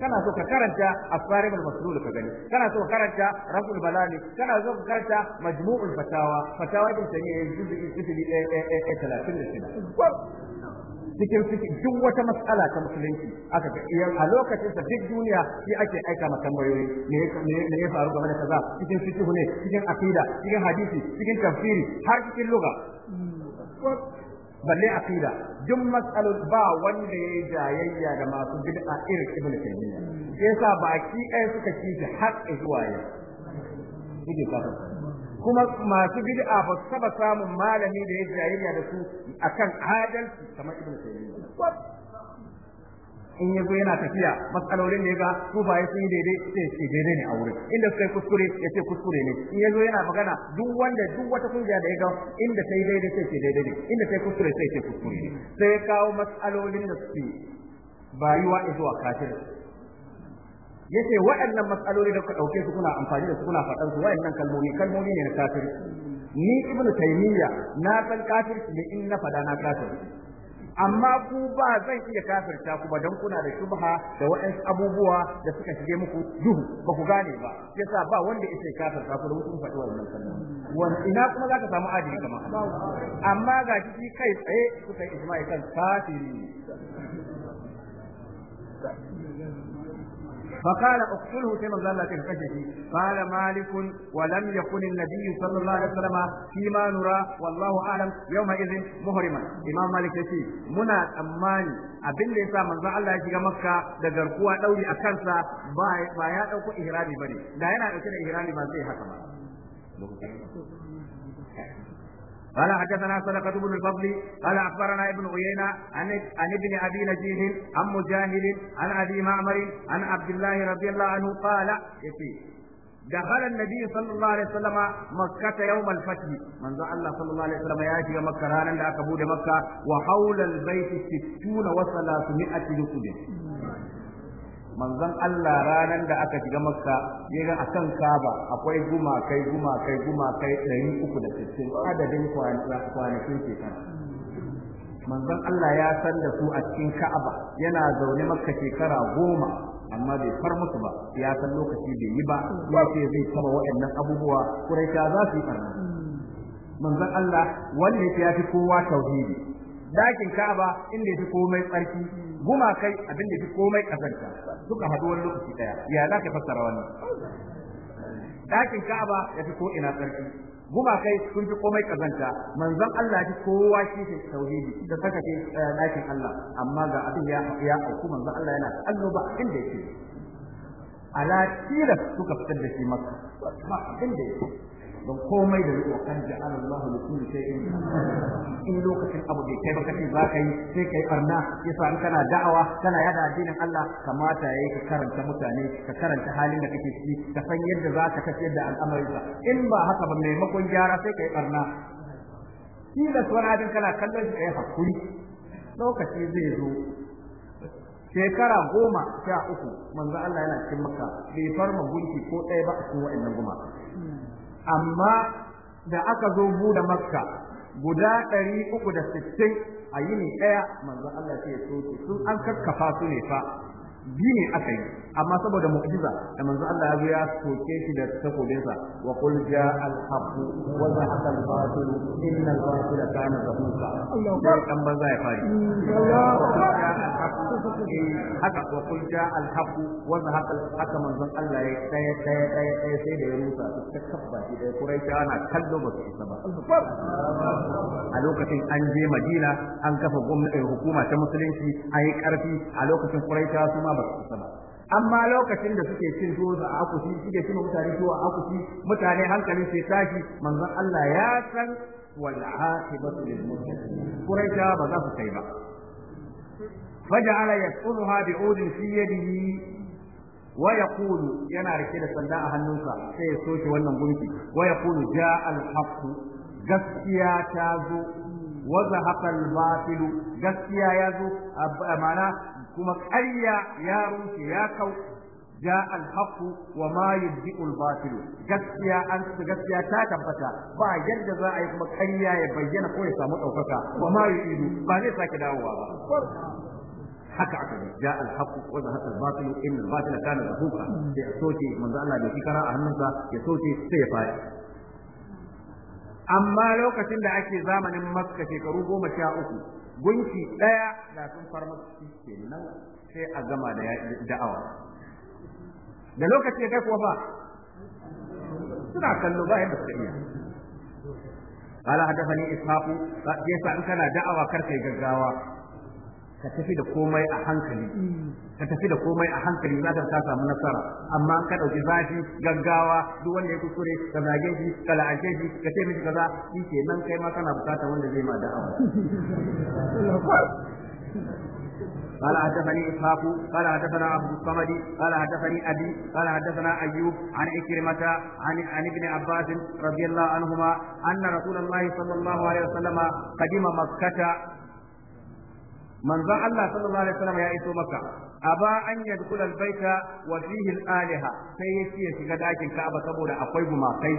kana so ka karanta asfaribul masrul ka gani kana so ka karanta rabbul balani kana so ka karanta majmu'ul fatawa fatawa din tani juz'i 36 cikin cikin duk wata matsala ta musulunci aka ga a lokacin sa duk duniya shi ake aika ma tambayoyi me ya faru game da kaza cikin fiqh ne cikin aqida cikin hadisi cikin tafsiri har cikin lugha balle aqida duk mas'alul ba wanda ya jayayya da masu bid'a irin ibnu taymiya sai sa baki ɗaya suka kike har zuwa yau kuma masu bid'a ba su taba samun malami da ya jayayya da su akan adalci kamar ibnu taymiyyah in yazo yana tafiya matsalolin da yaga ko ba ya sun daidai sai ce daidai ne a wurin inda sai kuskure ya ce kuskure ne in yazo yana magana duk wanda duk wata kungiya da yaga inda sai daidai sai ce daidai ne inda sai kuskure sai ce kuskure ne sai ya kawo matsalolin da suke bayuwa zuwa kafirci yace waɗannan matsaloli da kuka dauke su kuna amfani da su kuna faɗan su waɗannan kalmomi kalmomi ne na kafiri ni ibnu taymiya na san kafir ne in na fada na kafir amma ku ba zan iya kafirta ku ba dan kuna da shubha da waɗansu abubuwa da suka shige muku duhu ba ku gane ba yasa ba wanda yake kafirta ku da kun faɗi wannan kalmomi wa ina kuma zaka samu adili kamar amma ga shi kai tsaye kuka ijma'i kan kafiri فقال اقتله كما قال لك قال مالك ولم يكن النبي صلى الله عليه وسلم فيما نرى والله اعلم يومئذ مهرما امام مالك يتي منا اماني abin da yasa manzon Allah ya shiga Makka da garkuwa dauri a kansa ba ya dauko ihrami bane da yana dauke da ihrami ba zai haka ba قال حدثنا صدقة بن الفضل قال أخبرنا ابن عيينة عن عن ابن أبي نجيح عن مجاهد عن أبي معمر عن عبد الله رضي الله عنه قال يتي دخل النبي صلى الله عليه وسلم مكة يوم الفتح من ذا الله صلى الله عليه وسلم يأتي مكة رانا لا كبود مكة وحول البيت ستون وثلاثمائة جسد manzon Allah ranar da aka shiga makka ya ga kan kaba akwai gumakai gumakai gumakai 360 adadin kwanakin shekara manzon Allah ya san da su a cikin ka'aba yana zaune makka shekara goma amma bai far musu ba ya san lokaci bai yi ba ya ce zai taba waɗannan abubuwa kuraita za su yi barna manzon Allah wanda ya fi kowa tauhidi dakin ka'aba inda ya fi komai tsarki gumakai abin da komai kazanta suka haɗu wani lokaci ɗaya, ya za ka fassara wannan ɗakin ka'aba ya fi ko ina sarki gumakai sun fi komai kazanta manzon Allah ya fi kowa shi ke tauhidi da saka ke eh, ɗakin Allah amma ga abin ya ya auku manzon Allah yana annoba inda yake ala tilas suka fitar da shi maka ba inda yake don komai da riko kan ja'ala Allahu li kulli shay'in in lokacin abu da kai baka ce zaka yi sai kai barna yasa in kana da'awa kana yada addinin Allah kamata yayi ka karanta mutane ka karanta halin da kake ciki ka san yadda zaka tafiyar da al'amarinka in ba haka ba maimakon gyara sai kai barna tilas wani abin kana kallon shi kai hakuri lokaci zai zo shekara goma sha uku manzo Allah yana cikin makka bai farma gunki ko ɗaya ba a cikin waɗannan gumaka amma da aka zo buɗe makka guda ɗari uku da sittin a yini ɗaya manzo Allah ce so sun an kakkafa su ne fa bi ne aka yi amma saboda mu'jiza da manzo Allah ya zo ya soke shi da takobinsa, sa wa qul jaa al haqq wa zahaqa al batil inna al batila kana zahuqa Allah ya kan banza ya fari mm, haka wa qul jaa al haqq wa zahaqa al haka manzon Allah ya tsaya, tsaya, tsaya, tsaya, sai da ya rusa su ta kabba shi da Quraisha ana kallo ba su isa ba a lokacin an je Madina an kafa gwamnatin hukuma ta musulunci yi karfi a lokacin Quraisha su ma ba su isa ba amma lokacin da suke cin tuwo a akusi suke cin mutane tuwo a akusi mutane hankali sai tashi manzon Allah ya san wal aqibatu lil muttaqin quraisha ba za su kai ba Faja bi يدخلها fi yadihi wa ويقول yana rike da sanda a hannunsa sai ya soke wannan gunki jaa al haqq gaskiya ta zo wa zahaqa al-batil gaskiya ya zo ma'ana kuma ƙarya ya rushe ya kau ja alhaqu wa ma يبدئ albatil gaskiya an gaskiya ta tabbata ba yadda za a yi kuma ƙarya ya bayyana ko ya samu ɗaukaka wa ma yu'idu ba zai sake dawowa ba haka aka ji ja alhaqu wa zahaqa albatil in albatil kana zahuqa ya soke manzo Allah da kikara a hannunsa ya soke sai ya fadi amma lokacin da ake zamanin maska shekaru goma sha uku gunki ɗaya na sun farmaki kenan sai a gama da da'awa da lokaci kai kuwa ba suna kallo ba yadda suka iya قال حدثني اسحاق كيف ان كان دعوى كركي gaggawa. ka tafi da komai a hankali ka tafi da komai a hankali za ka samu nasara amma ka dauki zafi gaggawa duk wanda ya kuskure ka zage shi ka shi ka ce kaza shi ke nan kai ma kana bukatar wanda zai ma da'awa قال حدثني اسحاق قال حدثنا عبد الصمد قال حدثني ابي قال حدثنا ايوب عن عكرمه عن عن ابن عباس رضي الله عنهما ان رسول الله صلى الله عليه وسلم قدم مكه manzon Allah sallallahu alaihi wasallam ya iso maka aba an yadkhul albayta wa fihi alaliha sai yace ya shiga dakin Ka'aba saboda akwai gumakai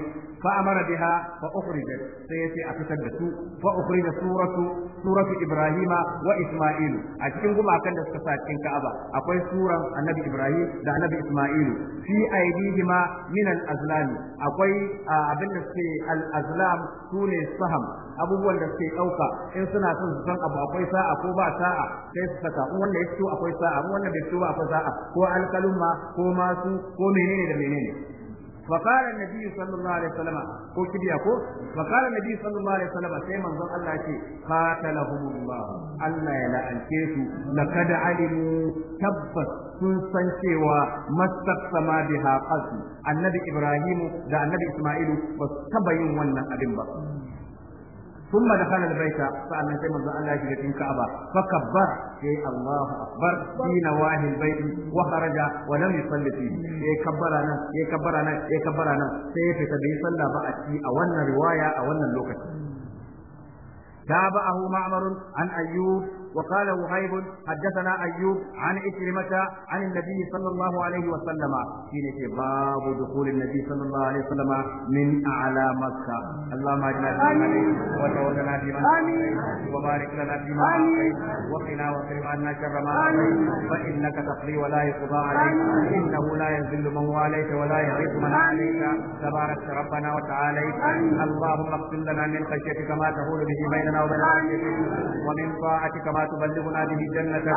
fa amara biha fa ukhrijat sai yace a fitar da su fa ukhrija suratu suratu ibrahima wa isma'il a cikin gumakan da suka sa cikin Ka'aba akwai suran annabi Ibrahim da annabi Isma'il fi aidihima min al-azlam akwai abin da suke al-azlam sune saham abubuwan da suke dauka in suna son su san abu akwai sa'a ko ba sa'a sai su saka in wanda ya fito akwai sa'a littu ba fasaha ko alkalumma ko masu ko menene da menene فقال النبي صلى الله عليه وسلم ko kibiya ko فقال النبي صلى الله عليه وسلم sai manzon Allah ce qatalahum Allah Allah ya la'ance su laqad alimu tabbas sun san cewa mastaqsama biha qasu annabi Ibrahimu da annabi Isma'ilu ba su yin wannan abin ba ثم دخل البيت فأنا زي ما الله يجري في الكعبة فكبر يا الله أكبر في نواهي البيت وخرج ولم يصلي فيه يكبر أنا يكبر أنا يكبر أنا سيف تبي صلى بأتي أولنا رواية أولنا لوكة تابعه معمر عن أيوب وقال وهيب حدثنا أيوب عن إكرمة عن النبي صلى الله عليه وسلم في باب دخول النبي صلى الله عليه وسلم من أعلى مكة اللهم اجعلنا في من وتولنا في من وبارك لنا في فيما وقنا واصرف عنا شر ما فإنك تقضي ولا يقضى عليك إنه لا يذل من واليت ولا يعز من عليك تبارك ربنا وتعاليت اللهم اغفر لنا من خشيتك ما تهول به بيننا وبين ومن طاعتك ما تبلغنا به جنتك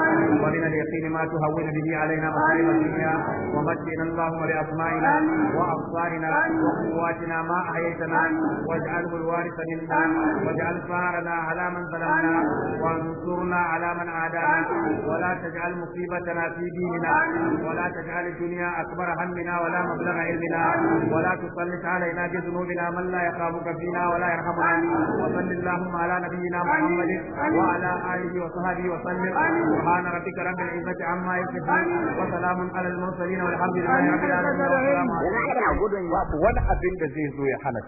ومن اليقين ما تهون به علينا مصائب الدنيا ومجدنا اللهم لاسمائنا وأبصارنا وقواتنا ما أحييتنا واجعله الوارث منا واجعل ثارنا على من ظلمنا وانصرنا على من عادانا ولا تجعل مصيبتنا في ديننا ولا تجعل الدنيا أكبر همنا ولا مبلغ علمنا ولا تسلط علينا بذنوبنا من لا يخافك فينا ولا يرحمنا وصل اللهم على نبينا محمد وعلى آله وصحبه وصحبه وسلم سبحان ربك رب العزة عما يصفون وسلام على المرسلين والحمد لله رب العالمين wani abin da zai zo ya hana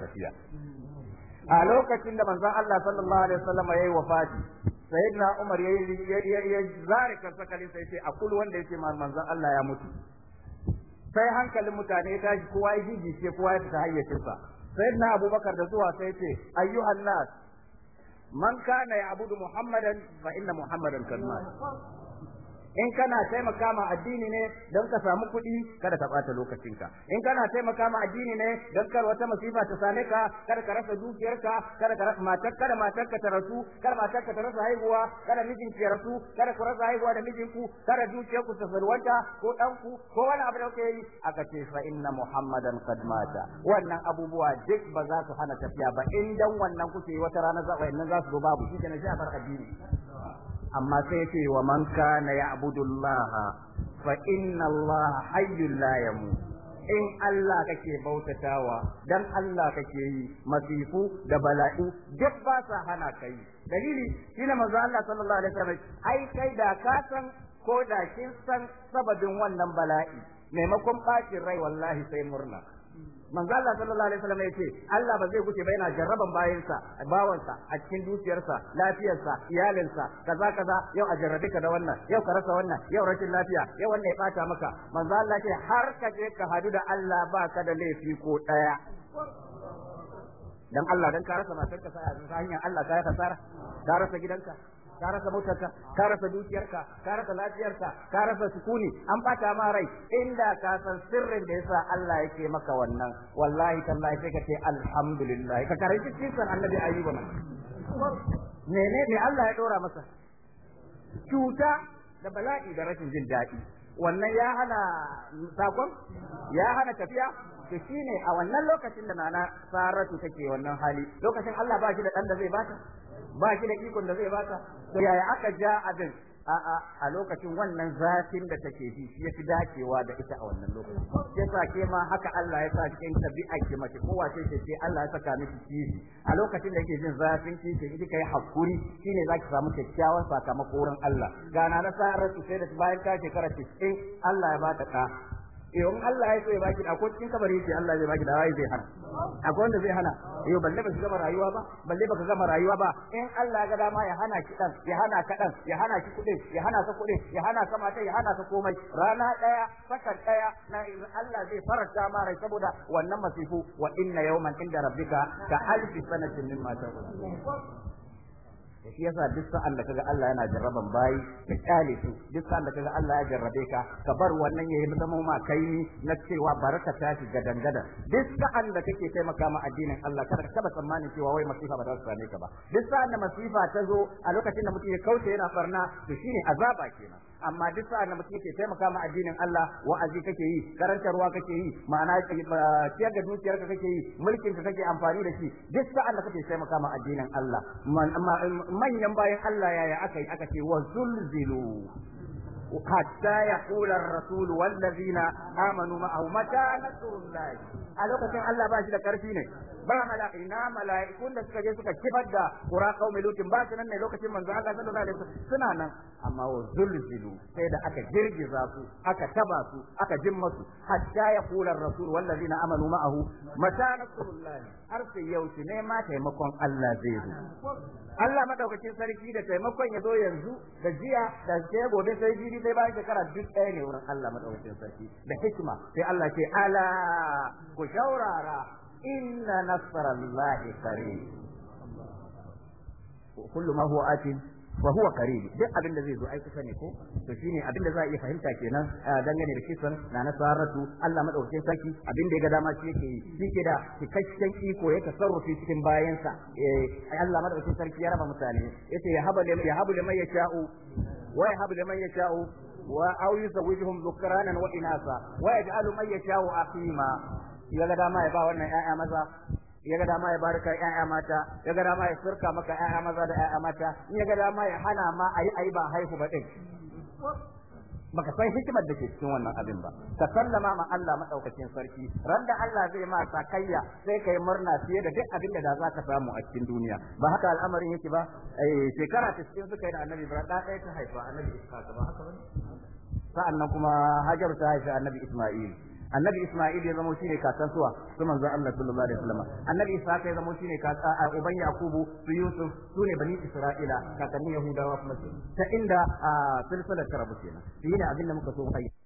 a lokacin da manzon Allah sallallahu alaihi wasallam yayi wafati sayyidina Umar yayi ya zare kansa kalin sai sai akul wanda yake manzon Allah ya mutu sai hankalin mutane ya tashi kowa ya gigice kowa ya fita hayyacinsa sayyidina Abubakar da zuwa sai ce ayyuhan nas من كان يعبد محمدا فإن محمدا مات in kana taimaka ma addini ne don ka samu kuɗi kada ka ɓata lokacinka in kana taimaka ma addini ne don kar wata masifa ta same ka kada ka rasa dukiyarka kada ka rasa matar kada matar ka ta rasu kada matar ka ta rasa haihuwa kada mijin ya rasu kada ku rasa haihuwa da mijinku kada dukiyar ku ta salwanta ko ɗan ku ko wani abu da kuke yi aka ce fa inna muhammadan qad mata wannan abubuwa duk ba za su hana tafiya ba in dan wannan kuke yi wata rana za nan za su zo babu shi kenan sai a bar addini amma sai ce wa man kana ya'budu Allah fa inna Allah hayyul la yamut in Allah kake bautatawa dan Allah kake yi masifu da bala'i duk ba sa hana kai dalili shine manzo Allah sallallahu alaihi wasallam ai kai da ka san ko da kin san sababin wannan bala'i maimakon bacin rai wallahi sai murna manzo Allah sallallahu alaihi wasallam yace Allah ba zai ba yana jarraban bayansa bawansa a cikin dukiyarsa lafiyarsa iyalinsa kaza kaza yau a jarrabe ka da wannan yau ka rasa wannan yau rashin lafiya yau wannan ya bata maka manzo Allah ce har ka je ka hadu da Allah ba ka da laifi ko daya dan Allah dan ka rasa matarka sai a hanyar Allah ka yi kasara ka rasa gidanka ka rasa motarka ka rasa dukiyarka ka rasa lafiyarka ka rasa sukuni an bata ma rai inda ka san sirrin da yasa Allah yake maka wannan wallahi tallahi sai ka ce alhamdulillah ka karanci san annabi ayyuba ne menene Allah ya dora masa cuta da bala'i da rashin jin daɗi wannan ya hana sakon ya hana tafiya to shine a wannan lokacin da nana saratu take wannan hali lokacin Allah ba shi da dan da zai bata ba shi da ikon da zai baka to yaya aka ja abin a'a a lokacin wannan zafin da take ji shi yafi dacewa da ita a wannan lokacin sai sa ke ma haka Allah ya sa cikin tabi'a ke mace ko wace ce ce Allah ya saka miki kishi a lokacin da yake jin zafin kishi idan kai hakuri shine zaki samu kyakkyawan sakamako wurin Allah gana na sa rasu sai da bayan ka shekara 90 Allah ya baka ka Eh, in Allah ya so ya baki da ko cikin kabari sai Allah zai baki da wai zai hana akwai wanda zai hana eh balle ba ka gama rayuwa ba balle ba ka gama rayuwa ba in Allah ga dama ya hana ki dan ya hana ka dan ya hana ki kudin ya hana ka kudin ya hana ka mata ya hana ka komai rana daya sakan daya na Allah zai faranta ma rai saboda wannan masifu wa inna yawman inda rabbika ka alfi sanatin mimma ta'udun shi yasa duk sa'an da kaga Allah yana jarraban bayi ka kyale su duk sa'an da kaga Allah ya jarrabe ka ka bar wannan yayi zama ma kai ni na cewa baraka ta shi ga gadan duk sa'an da kake taimaka ma addinin Allah kada ka taba tsammanin cewa wai masifa ba za su same ka ba duk sa'an da masifa ta zo a lokacin da mutum ya kauce yana farna to shine azaba kenan amma duk sa'an da mutum yake taimaka ma addinin Allah wa'azi kake yi karantarwa kake yi ma'ana ciyar da dukiyar ka kake yi mulkin ka kake amfani da shi duk sa'an da kake taimaka ma addinin Allah manyan bayan Allah yaya aka yi aka ce wa zulzilu hatta yaqula ar-rasul wal ladina amanu ma'ahu mata nasrullah a lokacin Allah ba shi da karfi ne ba mala'ika ina mala'ikun da suka je suka kifar da qura qaumi lutin ba su nan ne lokacin manzo Allah suna nan amma wa sai da aka girgiza su aka taba su aka jimma su hatta yaqula ar-rasul wal ladina amanu ma'ahu mata nasrullah har sai yau ne ma taimakon Allah zai zo Allah madaukakin sarki da taimakon ya zo yanzu da jiya da sai gobe sai jiri sai bayan shekara duk ɗaya ne wurin Allah madaukakin sarki da hikima sai Allah ce ala ku shaurara inna nasrallahi qarib kullu ma huwa atin fa huwa qarib duk abin da zai zo ai kusa ne ko to shine abin da za a iya fahimta kenan dangane da kisan na nasaratu Allah madaukakin sarki abin da ya ga dama shi yake yi shi ke da cikakken iko ya tasarrufi cikin bayansa eh Allah madaukakin sarki ya raba mutane yace ya habu ya habu liman yasha'u wa ya habu liman yasha'u wa aw yuzawwijuhum dhukranan wa inasa wa yaj'alu man yasha'u aqima ya ga dama ya ba wannan ƴaƴa maza ya ga dama ya barka ƴaƴa mata ya ga dama ya surka maka ƴaƴa maza da ƴaƴa mata in ya ga dama ya hana ma ayi ayi ba haihu ba din baka san hikimar da ke cikin wannan abin ba ka sallama ma Allah madaukakin sarki ran da Allah zai ma sakayya sai kai murna fiye da duk abin da za ka samu a cikin duniya ba haka al'amarin yake ba eh shekara 90 suka yi da Annabi Ibrahim da ta haifa Annabi isa ba haka bane sa'annan kuma Hajar ta haifa Annabi Isma'il annabi isma'il ya zama shine kakan su manzo Allah sallallahu alaihi wasallam annabi ishaq ya zama shine kaka uban yakubu su yusuf su ne bani isra'ila kakannin yahudawa kuma ta inda silsilar karabu kenan shine abin da muka so mu